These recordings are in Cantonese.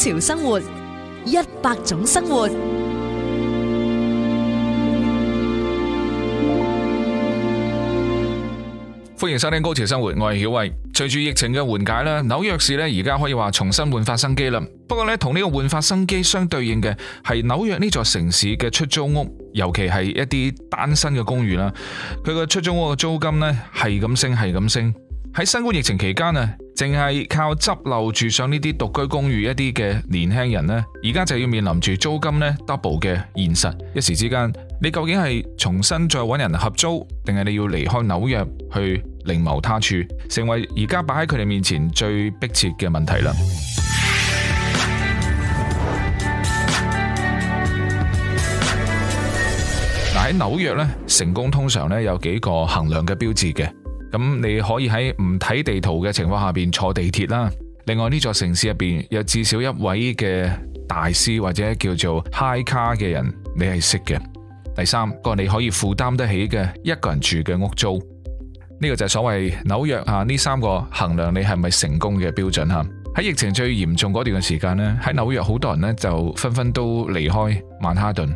高潮生活，一百種生活。歡迎收聽《高潮生活》，我係曉慧。隨住疫情嘅緩解咧，紐約市呢而家可以話重新煥發生機啦。不過呢，同呢個煥發生機相對應嘅係紐約呢座城市嘅出租屋，尤其係一啲單身嘅公寓啦。佢嘅出租屋嘅租金呢，係咁升，係咁升。喺新冠疫情期間呢。淨係靠執漏住上呢啲獨居公寓一啲嘅年輕人呢，而家就要面臨住租金咧 double 嘅現實，一時之間，你究竟係重新再搵人合租，定係你要離開紐約去另謀他處，成為而家擺喺佢哋面前最迫切嘅問題啦。嗱，喺紐約咧，成功通常呢有幾個衡量嘅標誌嘅。咁你可以喺唔睇地圖嘅情況下邊坐地鐵啦。另外呢座城市入邊有至少一位嘅大師或者叫做 high 卡嘅人，你係識嘅。第三個你可以負擔得起嘅一個人住嘅屋租，呢、這個就係所謂紐約啊呢三個衡量你係咪成功嘅標準哈。喺疫情最嚴重嗰段嘅時間呢，喺紐約好多人呢就紛紛都離開曼哈頓。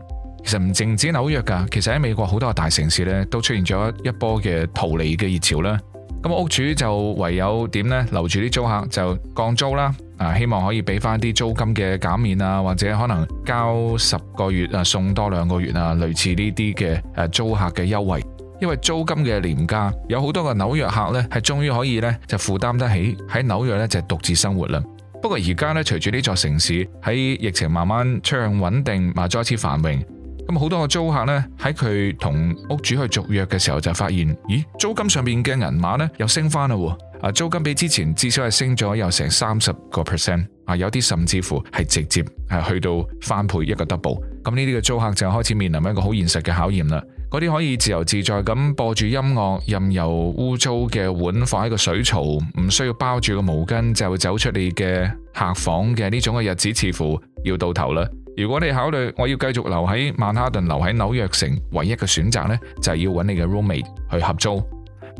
其實唔淨止紐約㗎，其實喺美國好多個大城市咧都出現咗一波嘅逃離嘅熱潮啦。咁屋主就唯有點咧？留住啲租客就降租啦，啊希望可以俾翻啲租金嘅減免啊，或者可能交十個月啊送多兩個月啊，類似呢啲嘅誒租客嘅優惠。因為租金嘅廉價，有好多個紐約客呢係終於可以呢就負擔得起喺紐約呢就獨自生活啦。不過而家呢，隨住呢座城市喺疫情慢慢趨向穩定，嘛再次繁榮。咁好多嘅租客呢，喺佢同屋主去續約嘅時候就發現，咦，租金上面嘅銀碼呢又升翻嘞。啊，租金比之前至少係升咗，有成三十個 percent，啊，有啲甚至乎係直接係去到翻倍一個 double。咁呢啲嘅租客就開始面臨一個好現實嘅考驗啦。嗰啲可以自由自在咁播住音樂、任由污糟嘅碗放喺個水槽、唔需要包住個毛巾就會走出嚟嘅客房嘅呢種嘅日子，似乎要到頭啦。如果你考慮我要繼續留喺曼哈頓，留喺紐約城，唯一嘅選擇呢，就係要揾你嘅 roommate 去合租。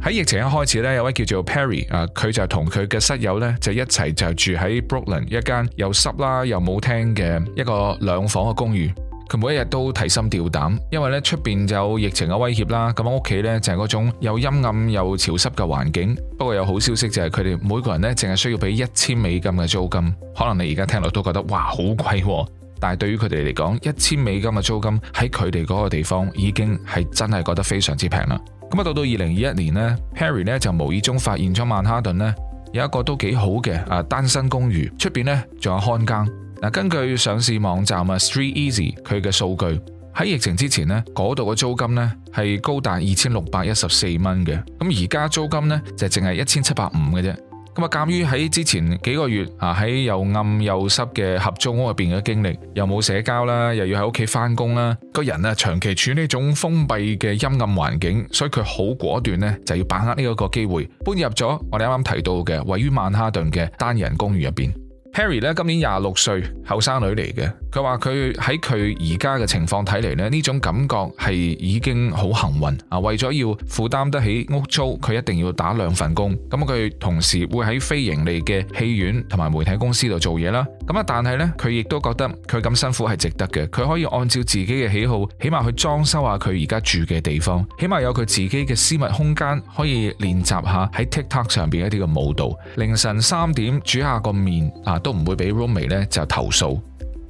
喺疫情一開始呢，有位叫做 Perry 啊，佢就同佢嘅室友呢，就一齊就住喺 Brooklyn 一間又濕啦又冇廳嘅一個兩房嘅公寓。佢每一日都提心吊膽，因為呢出邊就有疫情嘅威脅啦。咁喺屋企呢，就係嗰種又陰暗又潮濕嘅環境。不過有好消息就係佢哋每個人呢，淨係需要俾一千美金嘅租金。可能你而家聽落都覺得哇好貴，喎。但係對於佢哋嚟講，一千美金嘅租金喺佢哋嗰個地方已經係真係覺得非常之平啦。咁啊，到到二零二一年呢 Harry 呢就無意中發現咗曼哈頓呢有一個都幾好嘅啊單身公寓，出邊呢仲有看更。嗱，根據上市網站啊 StreetEasy 佢嘅數據，喺疫情之前呢嗰度嘅租金呢係高達二千六百一十四蚊嘅，咁而家租金呢就淨係一千七百五嘅啫。咁啊，鑒於喺之前幾個月啊，喺又暗又濕嘅合租屋入邊嘅經歷，又冇社交啦，又要喺屋企翻工啦，個人啊長期處於呢種封閉嘅陰暗環境，所以佢好果斷咧，就要把握呢一個機會，搬入咗我哋啱啱提到嘅位於曼哈頓嘅單人公寓入邊。Harry 咧今年廿六歲，後生女嚟嘅。佢話佢喺佢而家嘅情況睇嚟呢，呢種感覺係已經好幸運啊！為咗要負擔得起屋租，佢一定要打兩份工。咁佢同時會喺非盈利嘅戲院同埋媒體公司度做嘢啦。咁啊，但係呢，佢亦都覺得佢咁辛苦係值得嘅。佢可以按照自己嘅喜好，起碼去裝修下佢而家住嘅地方，起碼有佢自己嘅私密空間可以練習下喺 TikTok 上邊一啲嘅舞蹈。凌晨三點煮下個麵啊，都唔會俾 roomie 咧就投訴。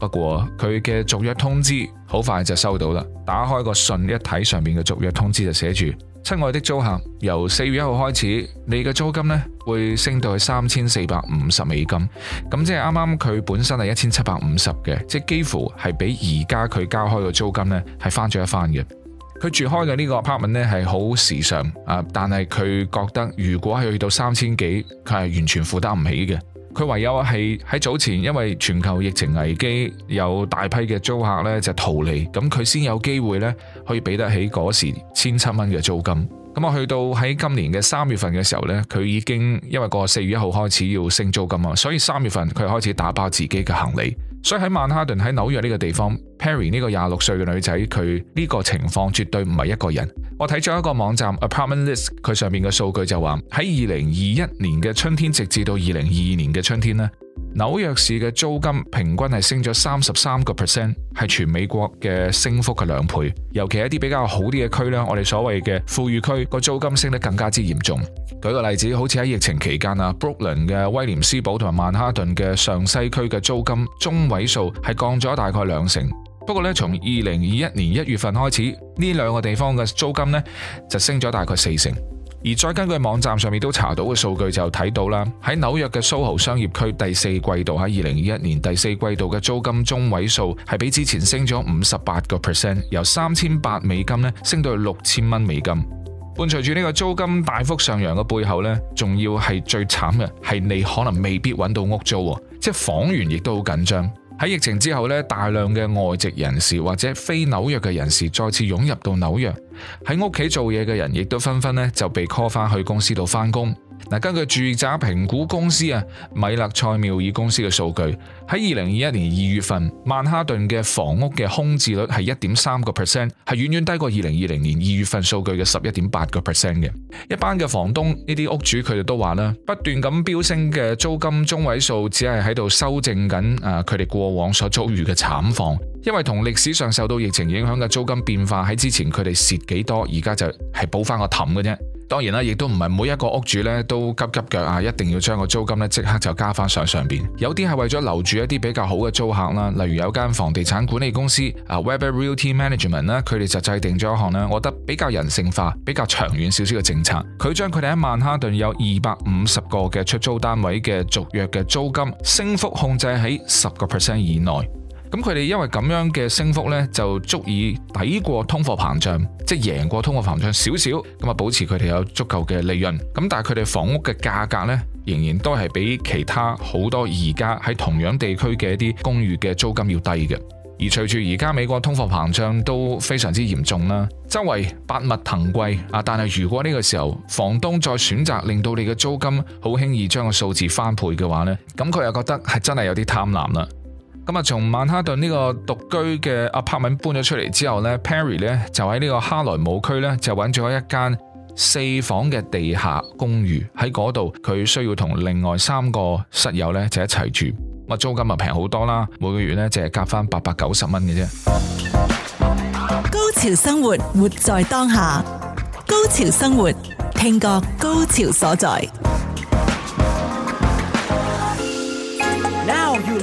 不過佢嘅續約通知好快就收到啦，打開個信一睇，上面嘅續約通知就寫住：親愛的租客，由四月一號開始，你嘅租金呢會升到去三千四百五十美金。咁即係啱啱佢本身係一千七百五十嘅，即係幾乎係比而家佢交開個租金呢係翻咗一番嘅。佢住開嘅呢個 apartment 呢係好時尚啊，但係佢覺得如果係去到三千幾，佢係完全負擔唔起嘅。佢唯有係喺早前，因為全球疫情危機，有大批嘅租客咧就逃離，咁佢先有機會咧可以俾得起嗰時千七蚊嘅租金。咁我去到喺今年嘅三月份嘅時候咧，佢已經因為個四月一號開始要升租金啊，所以三月份佢開始打包自己嘅行李。所以喺曼哈頓，喺紐約呢個地方，Perry 呢個廿六歲嘅女仔，佢呢個情況絕對唔係一個人。我睇咗一個網站 Apartment List，佢上面嘅數據就話喺二零二一年嘅春，春天，直至到二零二二年嘅春天呢。紐約市嘅租金平均係升咗三十三個 percent，係全美國嘅升幅嘅兩倍。尤其係一啲比較好啲嘅區呢，我哋所謂嘅富裕區，個租金升得更加之嚴重。舉個例子，好似喺疫情期間啊，Brooklyn 嘅威廉斯堡同埋曼哈頓嘅上西區嘅租金中位數係降咗大概兩成。不過呢，從二零二一年一月份開始，呢兩個地方嘅租金呢就升咗大概四成。而再根據網站上面都查到嘅數據就睇到啦，喺紐約嘅蘇豪商業區第四季度，喺二零二一年第四季度嘅租金中位數係比之前升咗五十八個 percent，由三千八美金咧升到六千蚊美金。伴隨住呢個租金大幅上揚嘅背後呢，仲要係最慘嘅係，你可能未必揾到屋租，即係房源亦都好緊張。喺疫情之後呢，大量嘅外籍人士或者非紐約嘅人士再次湧入到紐約。喺屋企做嘢嘅人亦都紛紛咧就被 call 翻去公司度翻工。嗱，根據住宅評估公司啊，米勒塞繆爾公司嘅數據，喺二零二一年二月份，曼哈頓嘅房屋嘅空置率係一點三個 percent，係遠遠低過二零二零年二月份數據嘅十一點八個 percent 嘅。一班嘅房東呢啲屋主佢哋都話啦，不斷咁飆升嘅租金中位數，只係喺度修正緊啊，佢哋過往所遭遇嘅慘況。因為同歷史上受到疫情影響嘅租金變化，喺之前佢哋蝕幾多，而家就係補翻個氹嘅啫。當然啦，亦都唔係每一個屋主咧都急急腳啊，一定要將個租金咧即刻就加翻上上邊。有啲係為咗留住一啲比較好嘅租客啦，例如有間房地產管理公司啊，Webber Realty Management 啦，佢哋就制定咗一項咧，我覺得比較人性化、比較長遠少少嘅政策。佢將佢哋喺曼哈頓有二百五十個嘅出租單位嘅續約嘅租金升幅控制喺十個 percent 以內。咁佢哋因為咁樣嘅升幅呢，就足以抵過通貨膨脹，即係贏過通貨膨脹少少，咁啊保持佢哋有足夠嘅利潤。咁但係佢哋房屋嘅價格呢，仍然都係比其他好多而家喺同樣地區嘅一啲公寓嘅租金要低嘅。而隨住而家美國通貨膨脹都非常之嚴重啦，周圍百物騰貴啊！但係如果呢個時候房東再選擇令到你嘅租金好輕易將個數字翻倍嘅話呢，咁佢又覺得係真係有啲貪婪啦。咁啊，從曼哈頓呢個獨居嘅 apartment 搬咗出嚟之後呢 Perry 呢，Perry，就喺呢個哈萊姆區呢，就揾咗一間四房嘅地下公寓喺嗰度，佢需要同另外三個室友呢，就一齊住，租金啊平好多啦，每個月呢，就係夾翻八百九十蚊嘅啫。高潮生活，活在當下。高潮生活，聽過高潮所在。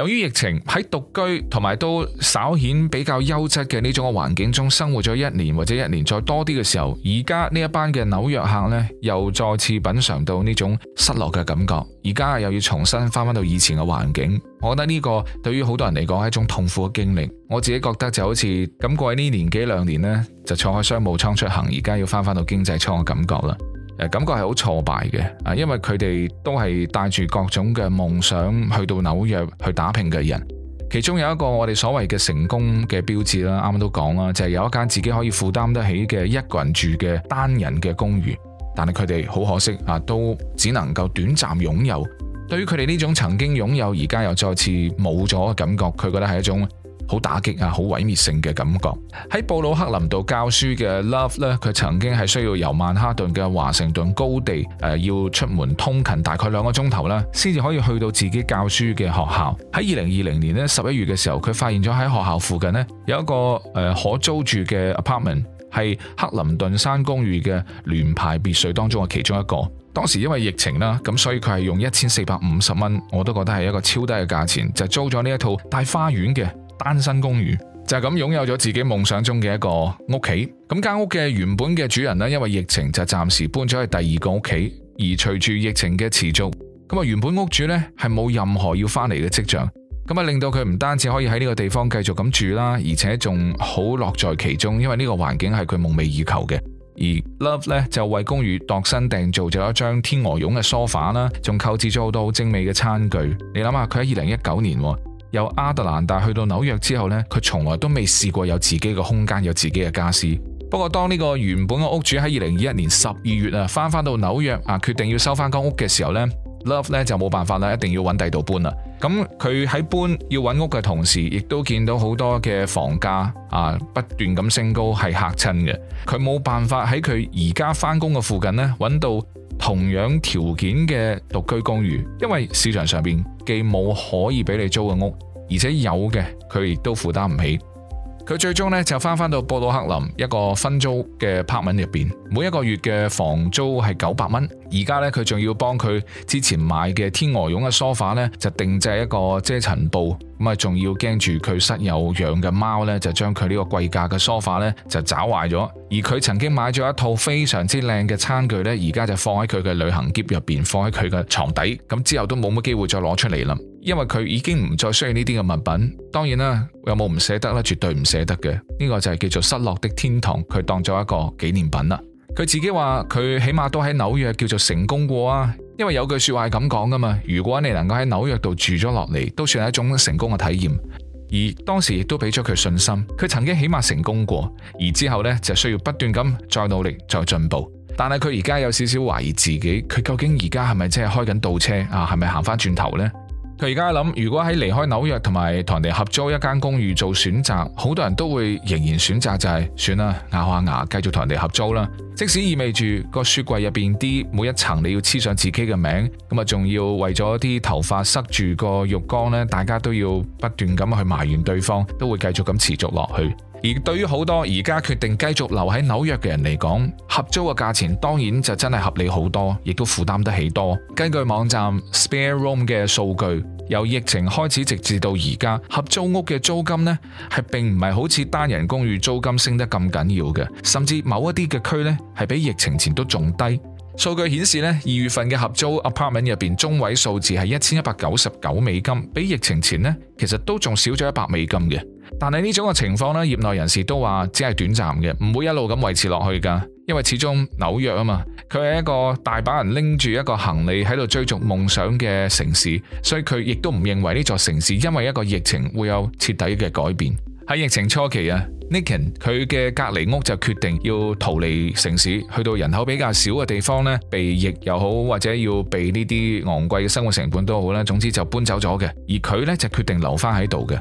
由於疫情喺獨居同埋都稍顯比較優質嘅呢種嘅環境中生活咗一年或者一年再多啲嘅時候，而家呢一班嘅紐約客呢，又再次品嘗到呢種失落嘅感覺。而家又要重新翻翻到以前嘅環境，我覺得呢個對於好多人嚟講係一種痛苦嘅經歷。我自己覺得就好似咁過去呢年幾兩年呢，就坐喺商務艙出行，而家要翻翻到經濟艙嘅感覺啦。誒，感覺係好挫敗嘅，啊，因為佢哋都係帶住各種嘅夢想去到紐約去打拼嘅人，其中有一個我哋所謂嘅成功嘅標誌啦，啱啱都講啦，就係有一間自己可以負擔得起嘅一個人住嘅單人嘅公寓，但係佢哋好可惜啊，都只能夠短暫擁有。對於佢哋呢種曾經擁有而家又再次冇咗嘅感覺，佢覺得係一種。好打擊啊！好毀滅性嘅感覺。喺布魯克林度教書嘅 Love 咧，佢曾經係需要由曼哈頓嘅華盛頓高地誒、呃，要出門通勤大概兩個鐘頭啦，先至可以去到自己教書嘅學校。喺二零二零年咧，十一月嘅時候，佢發現咗喺學校附近呢有一個誒、呃、可租住嘅 apartment，係克林頓山公寓嘅聯排別墅當中嘅其中一個。當時因為疫情啦，咁所以佢係用一千四百五十蚊，我都覺得係一個超低嘅價錢，就是、租咗呢一套帶花園嘅。單身公寓就咁，是，擁有咗自己夢想中嘅一個屋企，咁間屋嘅原本嘅主人呢，因為疫情就暫時搬咗去第二個屋企，而隨住疫情嘅持續，咁啊原本屋主呢係冇任何要翻嚟嘅跡象，咁啊令到佢唔單止可以喺呢個地方繼續咁住啦，而且仲好樂在其中，因為呢個環境係佢夢寐以求嘅。而 Love 呢，就為公寓度身訂造咗一張天鵝絨嘅梳化啦，仲購置咗好多很精美嘅餐具。你諗下，佢喺二零一九年。由亞特蘭大去到紐約之後呢，佢從來都未試過有自己嘅空間，有自己嘅家私。不過當呢個原本嘅屋主喺二零二一年十二月啊翻翻到紐約啊，決定要收翻間屋嘅時候呢 Love 咧就冇辦法啦，一定要揾第度搬啦。咁佢喺搬要揾屋嘅同時，亦都見到好多嘅房價啊不斷咁升高，係吓親嘅。佢冇辦法喺佢而家翻工嘅附近呢揾到同樣條件嘅獨居公寓，因為市場上面既冇可以俾你租嘅屋，而且有嘅佢亦都負擔唔起。佢最終咧就翻翻到波多克林一個分租嘅 p a r t 入邊，每一個月嘅房租係九百蚊。而家咧佢仲要幫佢之前買嘅天鵝絨嘅梳化 f 咧，就定製一個遮塵布。咁啊，仲要驚住佢室友養嘅貓咧，就將佢呢個貴價嘅梳化 f 咧就搞壞咗。而佢曾經買咗一套非常之靚嘅餐具咧，而家就放喺佢嘅旅行夾入邊，放喺佢嘅床底。咁之後都冇乜機會再攞出嚟啦。因為佢已經唔再需要呢啲嘅物品，當然啦，有冇唔捨得啦？絕對唔捨得嘅。呢個就係叫做失落的天堂，佢當咗一個紀念品啦。佢自己話，佢起碼都喺紐約叫做成功過啊。因為有句說話係咁講噶嘛，如果你能夠喺紐約度住咗落嚟，都算係一種成功嘅體驗。而當時亦都俾咗佢信心，佢曾經起碼成功過。而之後呢，就需要不斷咁再努力、再進步。但係佢而家有少少懷疑自己，佢究竟而家係咪真係開緊倒車啊？係咪行翻轉頭呢？佢而家諗，如果喺離開紐約同埋同人哋合租一間公寓做選擇，好多人都會仍然選擇就係算啦，咬下牙繼續同人哋合租啦。即使意味住個雪櫃入邊啲每一層你要黐上自己嘅名，咁啊，仲要為咗啲頭髮塞住個浴缸呢？大家都要不斷咁去埋怨對方，都會繼續咁持續落去。而對於好多而家決定繼續留喺紐約嘅人嚟講，合租嘅價錢當然就真係合理好多，亦都負擔得起多。根據網站 Spare Room、um、嘅數據，由疫情開始直至到而家，合租屋嘅租金呢係並唔係好似單人公寓租金升得咁緊要嘅，甚至某一啲嘅區呢係比疫情前都仲低。數據顯示呢，二月份嘅合租 apartment 入邊中位數字係一千一百九十九美金，比疫情前呢其實都仲少咗一百美金嘅。但係呢種嘅情況呢業內人士都話只係短暫嘅，唔會一路咁維持落去噶，因為始終紐約啊嘛，佢係一個大把人拎住一個行李喺度追逐夢想嘅城市，所以佢亦都唔認為呢座城市因為一個疫情會有徹底嘅改變。喺疫情初期啊，Niken 佢嘅隔離屋就決定要逃離城市，去到人口比較少嘅地方呢避疫又好，或者要避呢啲昂貴嘅生活成本都好啦，總之就搬走咗嘅。而佢呢就決定留返喺度嘅。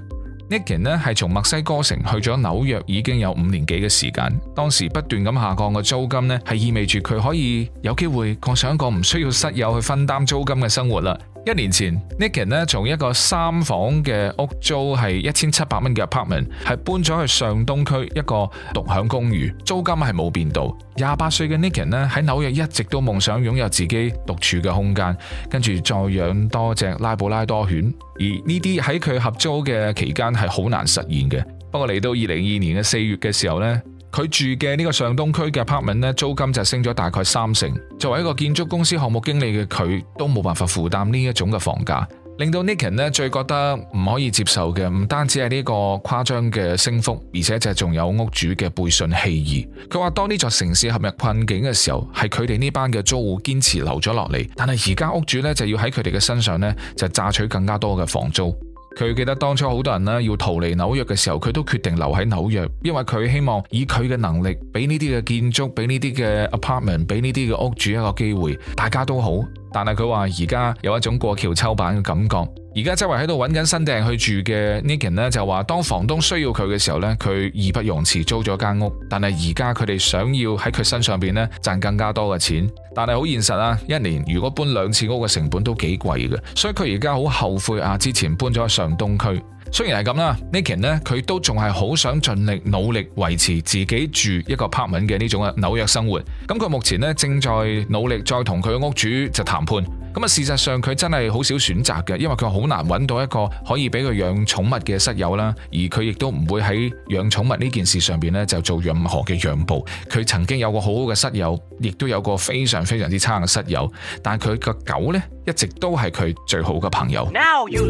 Nicky 呢，係從墨西哥城去咗紐約已經有五年幾嘅時間，當時不斷咁下降嘅租金呢，係意味住佢可以有機會過上一個唔需要室友去分擔租金嘅生活啦。一年前，Niken 呢從一個三房嘅屋租係一千七百蚊嘅 apartment，係搬咗去上東區一個獨享公寓，租金係冇變到。廿八歲嘅 Niken 呢喺紐約一直都夢想擁有自己獨處嘅空間，跟住再養多隻拉布拉多犬。而呢啲喺佢合租嘅期間係好難實現嘅。不過嚟到二零二二年嘅四月嘅時候呢，佢住嘅呢個上東區嘅 apartment 呢，租金就升咗大概三成。作為一個建築公司項目經理嘅佢，都冇辦法負擔呢一種嘅房價，令到 Nikian 呢最覺得唔可以接受嘅，唔單止係呢個誇張嘅升幅，而且就係仲有屋主嘅背信棄義。佢話當呢座城市陷入困境嘅時候，係佢哋呢班嘅租戶堅持留咗落嚟，但係而家屋主呢，就要喺佢哋嘅身上呢，就榨取更加多嘅房租。佢記得當初好多人要逃離紐約嘅時候，佢都決定留喺紐約，因為佢希望以佢嘅能力，俾呢啲嘅建築，俾呢啲嘅 apartment，俾呢啲嘅屋主一個機會，大家都好。但係佢話而家有一種過橋抽板嘅感覺。而家周圍喺度揾緊新地去住嘅 Nikken 呢，就話當房東需要佢嘅時候呢，佢義不容辭租咗間屋。但係而家佢哋想要喺佢身上邊呢，賺更加多嘅錢，但係好現實啊！一年如果搬兩次屋嘅成本都幾貴嘅，所以佢而家好後悔啊！之前搬咗上東區，雖然係咁啦，Nikken 呢，佢都仲係好想盡力努力維持自己住一個柏文嘅呢種啊紐約生活。咁佢目前呢，正在努力再同佢嘅屋主就談判。咁事實上佢真係好少選擇嘅，因為佢好難揾到一個可以俾佢養寵物嘅室友啦。而佢亦都唔會喺養寵物呢件事上邊呢就做任何嘅讓步。佢曾經有個好好嘅室友，亦都有個非常非常之差嘅室友，但佢個狗呢一直都係佢最好嘅朋友。Now you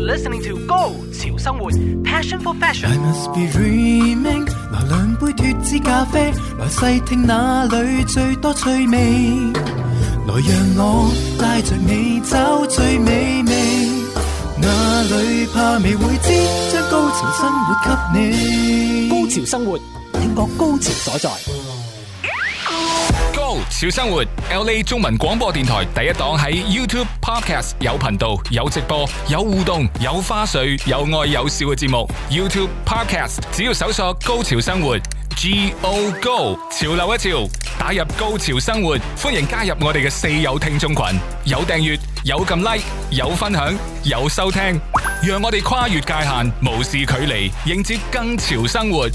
來讓我帶着你找最美味，哪裏怕未會知，將高潮生活給你。高潮生活，聽覺高潮所在。高潮生活，LA 中文廣播電台第一檔，喺 YouTube Podcast 有頻道、有直播、有互動、有花絮、有愛有笑嘅節目。YouTube Podcast 只要搜索“高潮生活”。G O Go，潮流一潮，打入高潮生活，歡迎加入我哋嘅四友聽眾群，有訂閱，有撳 like，有分享，有收聽，讓我哋跨越界限，無視距離，迎接更潮生活。